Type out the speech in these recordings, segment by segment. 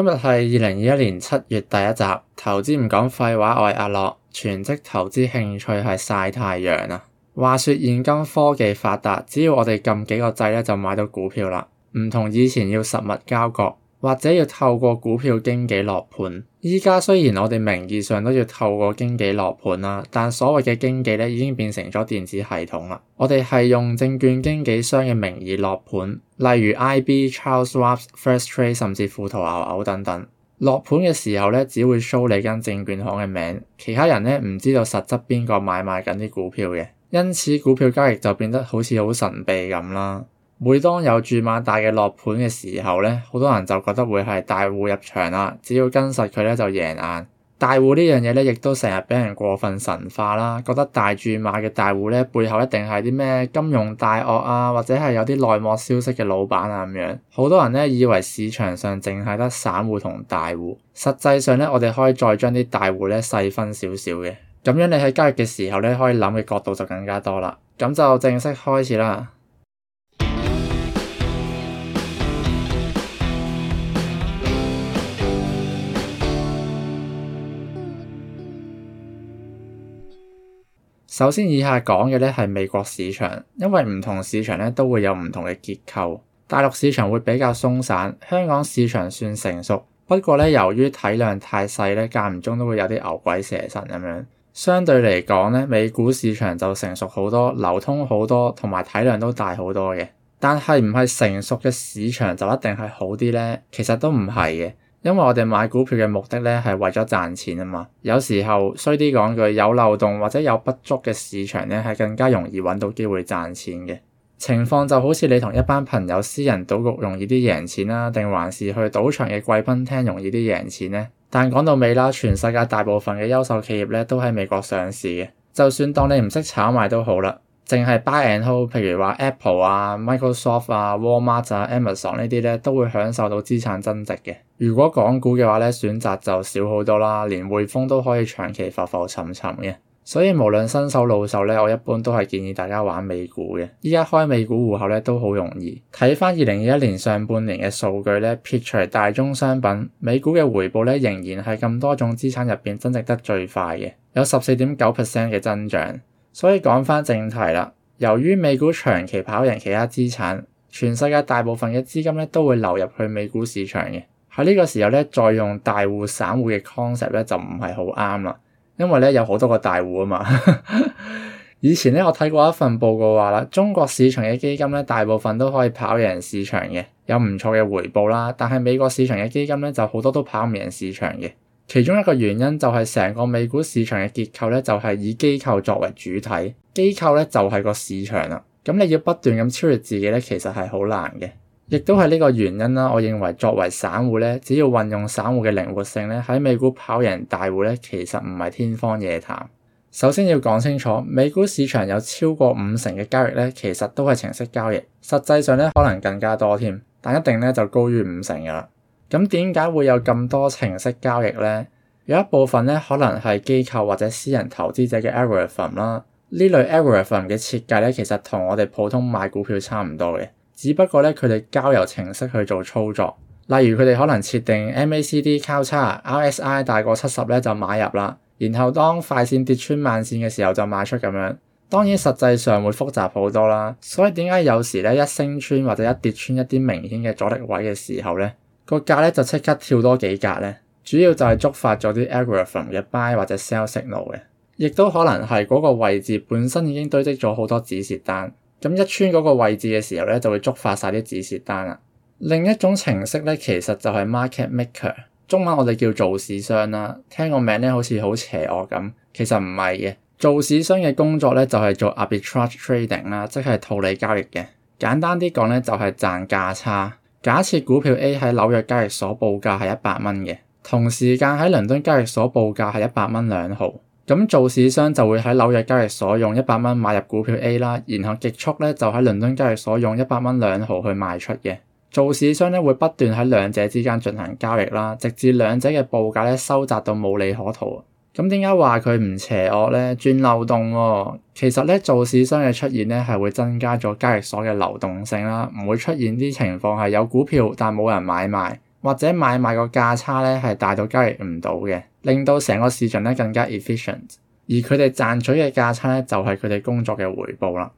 今日係二零二一年七月第一集，投資唔講廢話，我係阿樂，全職投資興趣係曬太陽啊！話說現今科技發達，只要我哋撳幾個掣咧，就買到股票啦，唔同以前要實物交割。或者要透過股票經紀落盤，依家雖然我哋名義上都要透過經紀落盤啦，但所謂嘅經紀咧已經變成咗電子系統啦。我哋係用證券經紀商嘅名義落盤，例如 IB、Charles Schwab、First Trade 甚至富途牛牛等等。落盤嘅時候咧，只會 show 你間證券行嘅名，其他人咧，唔知道實質邊個買賣緊啲股票嘅，因此股票交易就變得好似好神秘咁啦。每當有注碼大嘅落盤嘅時候咧，好多人就覺得會係大戶入場啦，只要跟實佢咧就贏硬。大戶呢樣嘢咧，亦都成日俾人過分神化啦，覺得大注碼嘅大戶咧背後一定係啲咩金融大鱷啊，或者係有啲內幕消息嘅老闆啊咁樣。好多人咧以為市場上淨係得散戶同大戶，實際上咧我哋可以再將啲大戶咧細分少少嘅。咁樣你喺交易嘅時候咧，可以諗嘅角度就更加多啦。咁就正式開始啦。首先，以下講嘅呢係美國市場，因為唔同市場呢都會有唔同嘅結構。大陸市場會比較鬆散，香港市場算成熟，不過呢由於體量太細呢，間唔中都會有啲牛鬼蛇神咁樣。相對嚟講呢，美股市場就成熟好多，流通好多，同埋體量都大好多嘅。但係唔係成熟嘅市場就一定係好啲呢？其實都唔係嘅。因為我哋買股票嘅目的咧係為咗賺錢啊嘛，有時候衰啲講句，有漏洞或者有不足嘅市場咧係更加容易揾到機會賺錢嘅情況。就好似你同一班朋友私人賭局容易啲贏錢啦，定還是去賭場嘅貴賓廳容易啲贏錢咧？但講到尾啦，全世界大部分嘅優秀企業咧都喺美國上市嘅，就算當你唔識炒賣都好啦。淨係 buy and hold，譬如話 Apple 啊、Microsoft 啊、Walmart 啊、Amazon 呢啲咧，都會享受到資產增值嘅。如果港股嘅話咧，選擇就少好多啦，連匯豐都可以長期浮浮沉沉嘅。所以無論新手老手咧，我一般都係建議大家玩美股嘅。依家開美股戶口咧都好容易。睇翻二零二一年上半年嘅數據咧，撇除大宗商品，美股嘅回報咧仍然係咁多種資產入邊增值得最快嘅，有十四點九 percent 嘅增長。所以講返正題啦，由於美股長期跑贏其他資產，全世界大部分嘅資金咧都會流入去美股市場嘅。喺呢個時候咧，再用大戶散戶嘅 concept 咧就唔係好啱啦，因為咧有好多個大戶啊嘛。 以前咧我睇過一份報告話啦，中國市場嘅基金咧大部分都可以跑贏市場嘅，有唔錯嘅回報啦。但係美國市場嘅基金咧就好多都跑唔贏市場嘅。其中一個原因就係成個美股市場嘅結構咧，就係以機構作為主體，機構咧就係個市場啦。咁你要不斷咁超越自己咧，其實係好難嘅。亦都係呢個原因啦，我認為作為散戶咧，只要運用散戶嘅靈活性咧，喺美股跑贏大戶咧，其實唔係天方夜譚。首先要講清楚，美股市場有超過五成嘅交易咧，其實都係程式交易，實際上咧可能更加多添，但一定咧就高於五成㗎啦。咁點解會有咁多程式交易呢？有一部分咧，可能係機構或者私人投資者嘅 algorithm 啦。類 alg 呢類 algorithm 嘅設計咧，其實同我哋普通買股票差唔多嘅，只不過咧，佢哋交由程式去做操作。例如佢哋可能設定 MACD 交叉、RSI 大過七十咧就買入啦，然後當快線跌穿慢線嘅時候就賣出咁樣。當然實際上會複雜好多啦。所以點解有時咧一升穿或者一跌穿一啲明顯嘅阻力位嘅時候咧，個價咧就即刻跳多幾格咧，主要就係觸發咗啲 algorithm 嘅 buy 或者 sell signal 嘅，亦都可能係嗰個位置本身已經堆積咗好多止蝕單，咁一穿嗰個位置嘅時候咧就會觸發晒啲止蝕單啦。另一種程式咧其實就係 market maker，中文我哋叫做市商啦，聽個名咧好似好邪惡咁，其實唔係嘅。做市商嘅工作咧就係做 arbitrage trading 啦，即係套利交易嘅。簡單啲講咧就係賺價差。假設股票 A 喺紐約交易所報價係一百蚊嘅，同時間喺倫敦交易所報價係一百蚊兩毫，咁做市商就會喺紐約交易所用一百蚊買入股票 A 啦，然後極速呢就喺倫敦交易所用一百蚊兩毫去賣出嘅。做市商呢會不斷喺兩者之間進行交易啦，直至兩者嘅報價收窄到無利可圖。咁點解話佢唔邪惡咧？轉漏洞喎、哦，其實咧做市商嘅出現咧係會增加咗交易所嘅流動性啦，唔會出現啲情況係有股票但冇人買賣，或者買賣個價差咧係大到交易唔到嘅，令到成個市場咧更加 efficient。而佢哋賺取嘅價差咧就係佢哋工作嘅回報啦。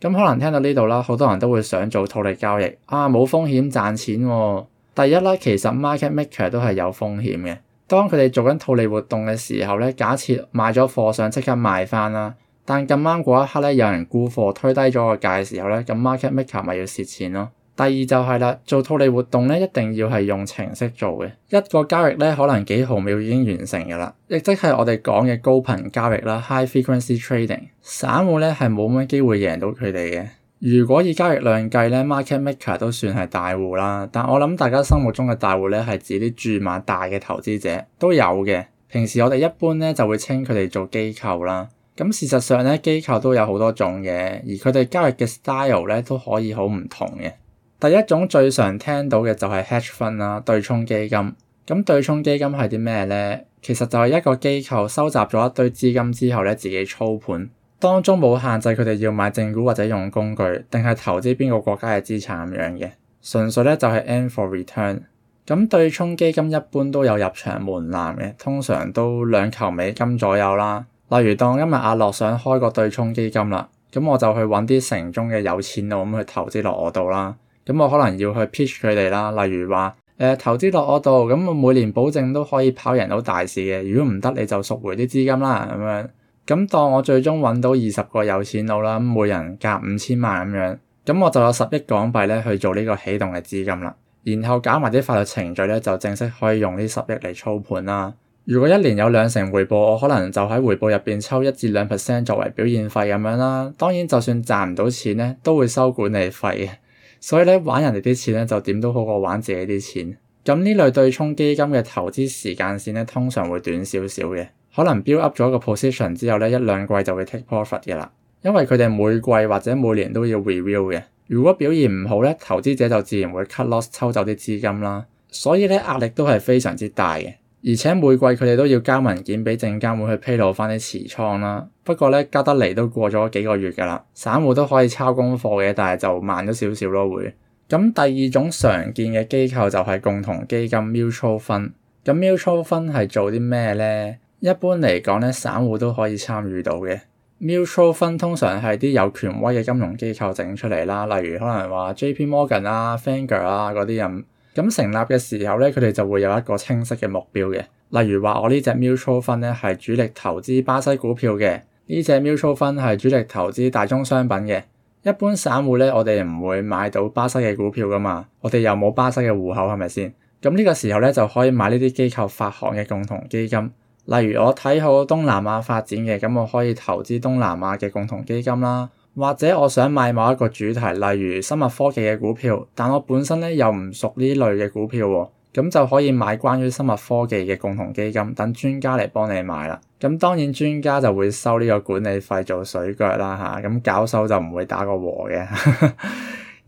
咁可能聽到呢度啦，好多人都會想做套利交易啊，冇風險賺錢喎、哦。第一咧，其實 market maker 都係有風險嘅。當佢哋做緊套利活動嘅時候咧，假設買咗貨想即刻賣翻啦，但咁啱嗰一刻咧有人沽貨推低咗個價嘅時候咧，咁 market maker 咪要蝕錢咯。第二就係、是、啦，做套利活動咧一定要係用程式做嘅，一個交易咧可能幾毫秒已經完成噶啦，亦即係我哋講嘅高頻交易啦 （high frequency trading）。散戶咧係冇乜機會贏到佢哋嘅。如果以交易量計咧，market maker 都算係大戶啦。但我諗大家心目中嘅大戶咧，係指啲注碼大嘅投資者都有嘅。平時我哋一般咧就會稱佢哋做機構啦。咁事實上咧，機構都有好多種嘅，而佢哋交易嘅 style 咧都可以好唔同嘅。第一種最常聽到嘅就係 hedge fund 啦，對沖基金。咁對沖基金係啲咩咧？其實就係一個機構收集咗一堆資金之後咧，自己操盤。當中冇限制佢哋要買正股或者用工具，定係投資邊個國家嘅資產咁樣嘅，純粹咧就係 end for return。咁對沖基金一般都有入場門檻嘅，通常都兩球美金左右啦。例如當今日阿樂想開個對沖基金啦，咁我就去揾啲城中嘅有錢佬咁去投資落我度啦。咁我可能要去 pitch 佢哋啦，例如話誒、呃、投資落我度，咁我每年保證都可以跑贏到大市嘅。如果唔得你就贖回啲資金啦，咁樣。咁當我最終揾到二十個有錢佬啦，每人夾五千萬咁樣，咁我就有十億港幣咧去做呢個啟動嘅資金啦。然後搞埋啲法律程序咧，就正式可以用呢十億嚟操盤啦。如果一年有兩成回報，我可能就喺回報入邊抽一至兩 percent 作為表現費咁樣啦。當然，就算賺唔到錢咧，都會收管理費嘅。所以咧，玩人哋啲錢咧，就點都好過玩自己啲錢。咁呢類對沖基金嘅投資時間線咧，通常會短少少嘅。可能 build up 咗一個 position 之後咧，一兩季就會 take profit 嘅啦。因為佢哋每季或者每年都要 review 嘅。如果表現唔好咧，投資者就自然會 cut loss 抽走啲資金啦。所以咧，壓力都係非常之大嘅。而且每季佢哋都要交文件俾證監會去披露翻啲持倉啦。不過咧，加得嚟都過咗幾個月噶啦，散戶都可以抄功課嘅，但係就慢咗少少咯會。咁第二種常見嘅機構就係共同基金 mutual fund。咁 mutual fund 係做啲咩咧？一般嚟講咧，散戶都可以參與到嘅 mutual fund 通常係啲有權威嘅金融機構整出嚟啦，例如可能話 JP Morgan 啊、Vanguard 啊嗰啲咁。咁成立嘅時候咧，佢哋就會有一個清晰嘅目標嘅，例如話我呢隻 mutual fund 咧係主力投資巴西股票嘅，呢隻 mutual fund 係主力投資大宗商品嘅。一般散戶咧，我哋唔會買到巴西嘅股票㗎嘛，我哋又冇巴西嘅戶口係咪先？咁呢個時候咧就可以買呢啲機構發行嘅共同基金。例如我睇好東南亞發展嘅，咁我可以投資東南亞嘅共同基金啦，或者我想買某一個主題，例如生物科技嘅股票，但我本身咧又唔熟呢類嘅股票喎、啊，咁就可以買關於生物科技嘅共同基金，等專家嚟幫你買啦。咁當然專家就會收呢個管理費做水腳啦吓，咁、啊、搞手就唔會打個和嘅。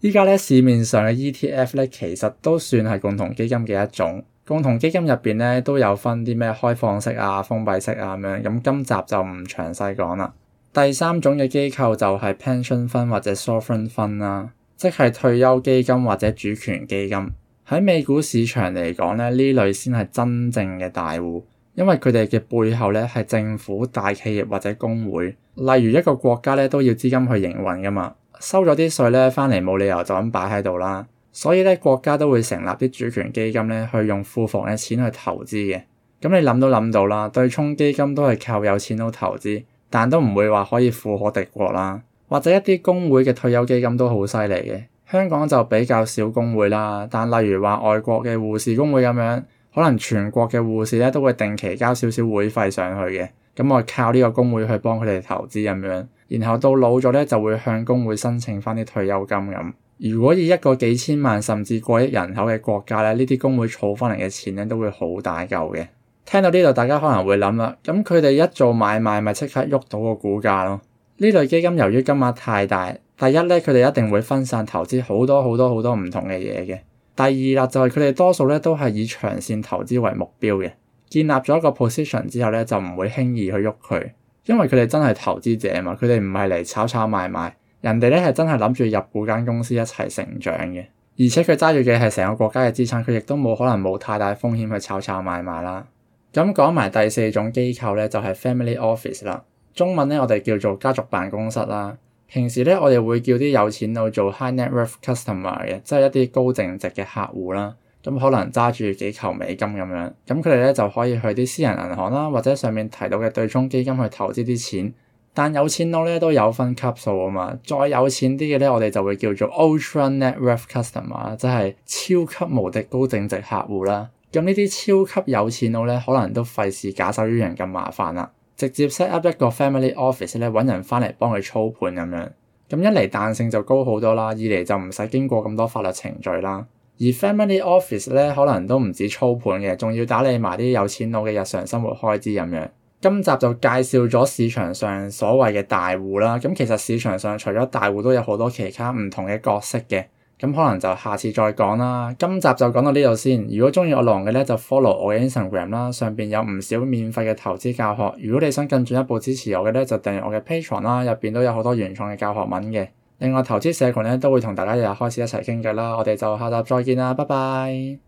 依家咧市面上嘅 ETF 咧，其實都算係共同基金嘅一種。共同基金入邊咧都有分啲咩開放式啊、封閉式啊咁樣，咁今集就唔詳細講啦。第三種嘅機構就係 Pension Fund 或者 Sovereign Fund 啦、啊，即係退休基金或者主權基金。喺美股市場嚟講咧，呢類先係真正嘅大戶，因為佢哋嘅背後咧係政府、大企業或者工會。例如一個國家咧都要資金去營運噶嘛，收咗啲稅咧翻嚟冇理由就咁擺喺度啦。所以咧，國家都會成立啲主權基金咧，去用庫房嘅錢去投資嘅。咁你諗都諗到啦，對沖基金都係靠有錢佬投資，但都唔會話可以富可敵國啦。或者一啲工會嘅退休基金都好犀利嘅。香港就比較少工會啦，但例如話外國嘅護士工會咁樣，可能全國嘅護士咧都會定期交少少會費上去嘅。咁我靠呢個工會去幫佢哋投資咁樣，然後到老咗咧就會向工會申請返啲退休金咁。如果以一個幾千萬甚至過億人口嘅國家咧，呢啲工會儲翻嚟嘅錢咧都會好大嚿嘅。聽到呢度大家可能會諗啦，咁佢哋一做買賣咪即刻喐到個股價咯。呢類基金由於金額太大，第一咧佢哋一定會分散投資好多好多好多唔同嘅嘢嘅。第二啦就係佢哋多數咧都係以長線投資為目標嘅。建立咗一個 position 之後咧就唔會輕易去喐佢，因為佢哋真係投資者啊嘛，佢哋唔係嚟炒炒買賣。人哋咧係真係諗住入股間公司一齊成長嘅，而且佢揸住嘅係成個國家嘅資產，佢亦都冇可能冇太大風險去炒炒買賣啦。咁講埋第四種機構咧，就係 family office 啦，中文咧我哋叫做家族辦公室啦。平時咧我哋會叫啲有錢佬做 high net worth customer 嘅，即係一啲高淨值嘅客戶啦。咁可能揸住幾球美金咁樣，咁佢哋咧就可以去啲私人銀行啦，或者上面提到嘅對沖基金去投資啲錢。但有錢佬咧都有分級數啊嘛，再有錢啲嘅咧，我哋就會叫做 ultra net worth customer 即係超級無敵高淨值客戶啦。咁呢啲超級有錢佬咧，可能都費事假手於人咁麻煩啦，直接 set up 一個 family office 咧，揾人翻嚟幫佢操盤咁樣。咁、嗯、一嚟彈性就高好多啦，二嚟就唔使經過咁多法律程序啦。而 family office 咧，可能都唔止操盤嘅，仲要打理埋啲有錢佬嘅日常生活開支咁樣。今集就介紹咗市場上所謂嘅大戶啦，咁其實市場上除咗大戶都有好多其他唔同嘅角色嘅，咁可能就下次再講啦。今集就講到呢度先。如果中意我郎嘅咧，就 follow 我嘅 Instagram 啦，上邊有唔少免費嘅投資教學。如果你想更進一步支持我嘅咧，就訂閱我嘅 Patreon 啦，入邊都有好多原創嘅教學文嘅。另外投資社群咧都會同大家日日開始一齊傾偈啦。我哋就下集再見啦，拜拜。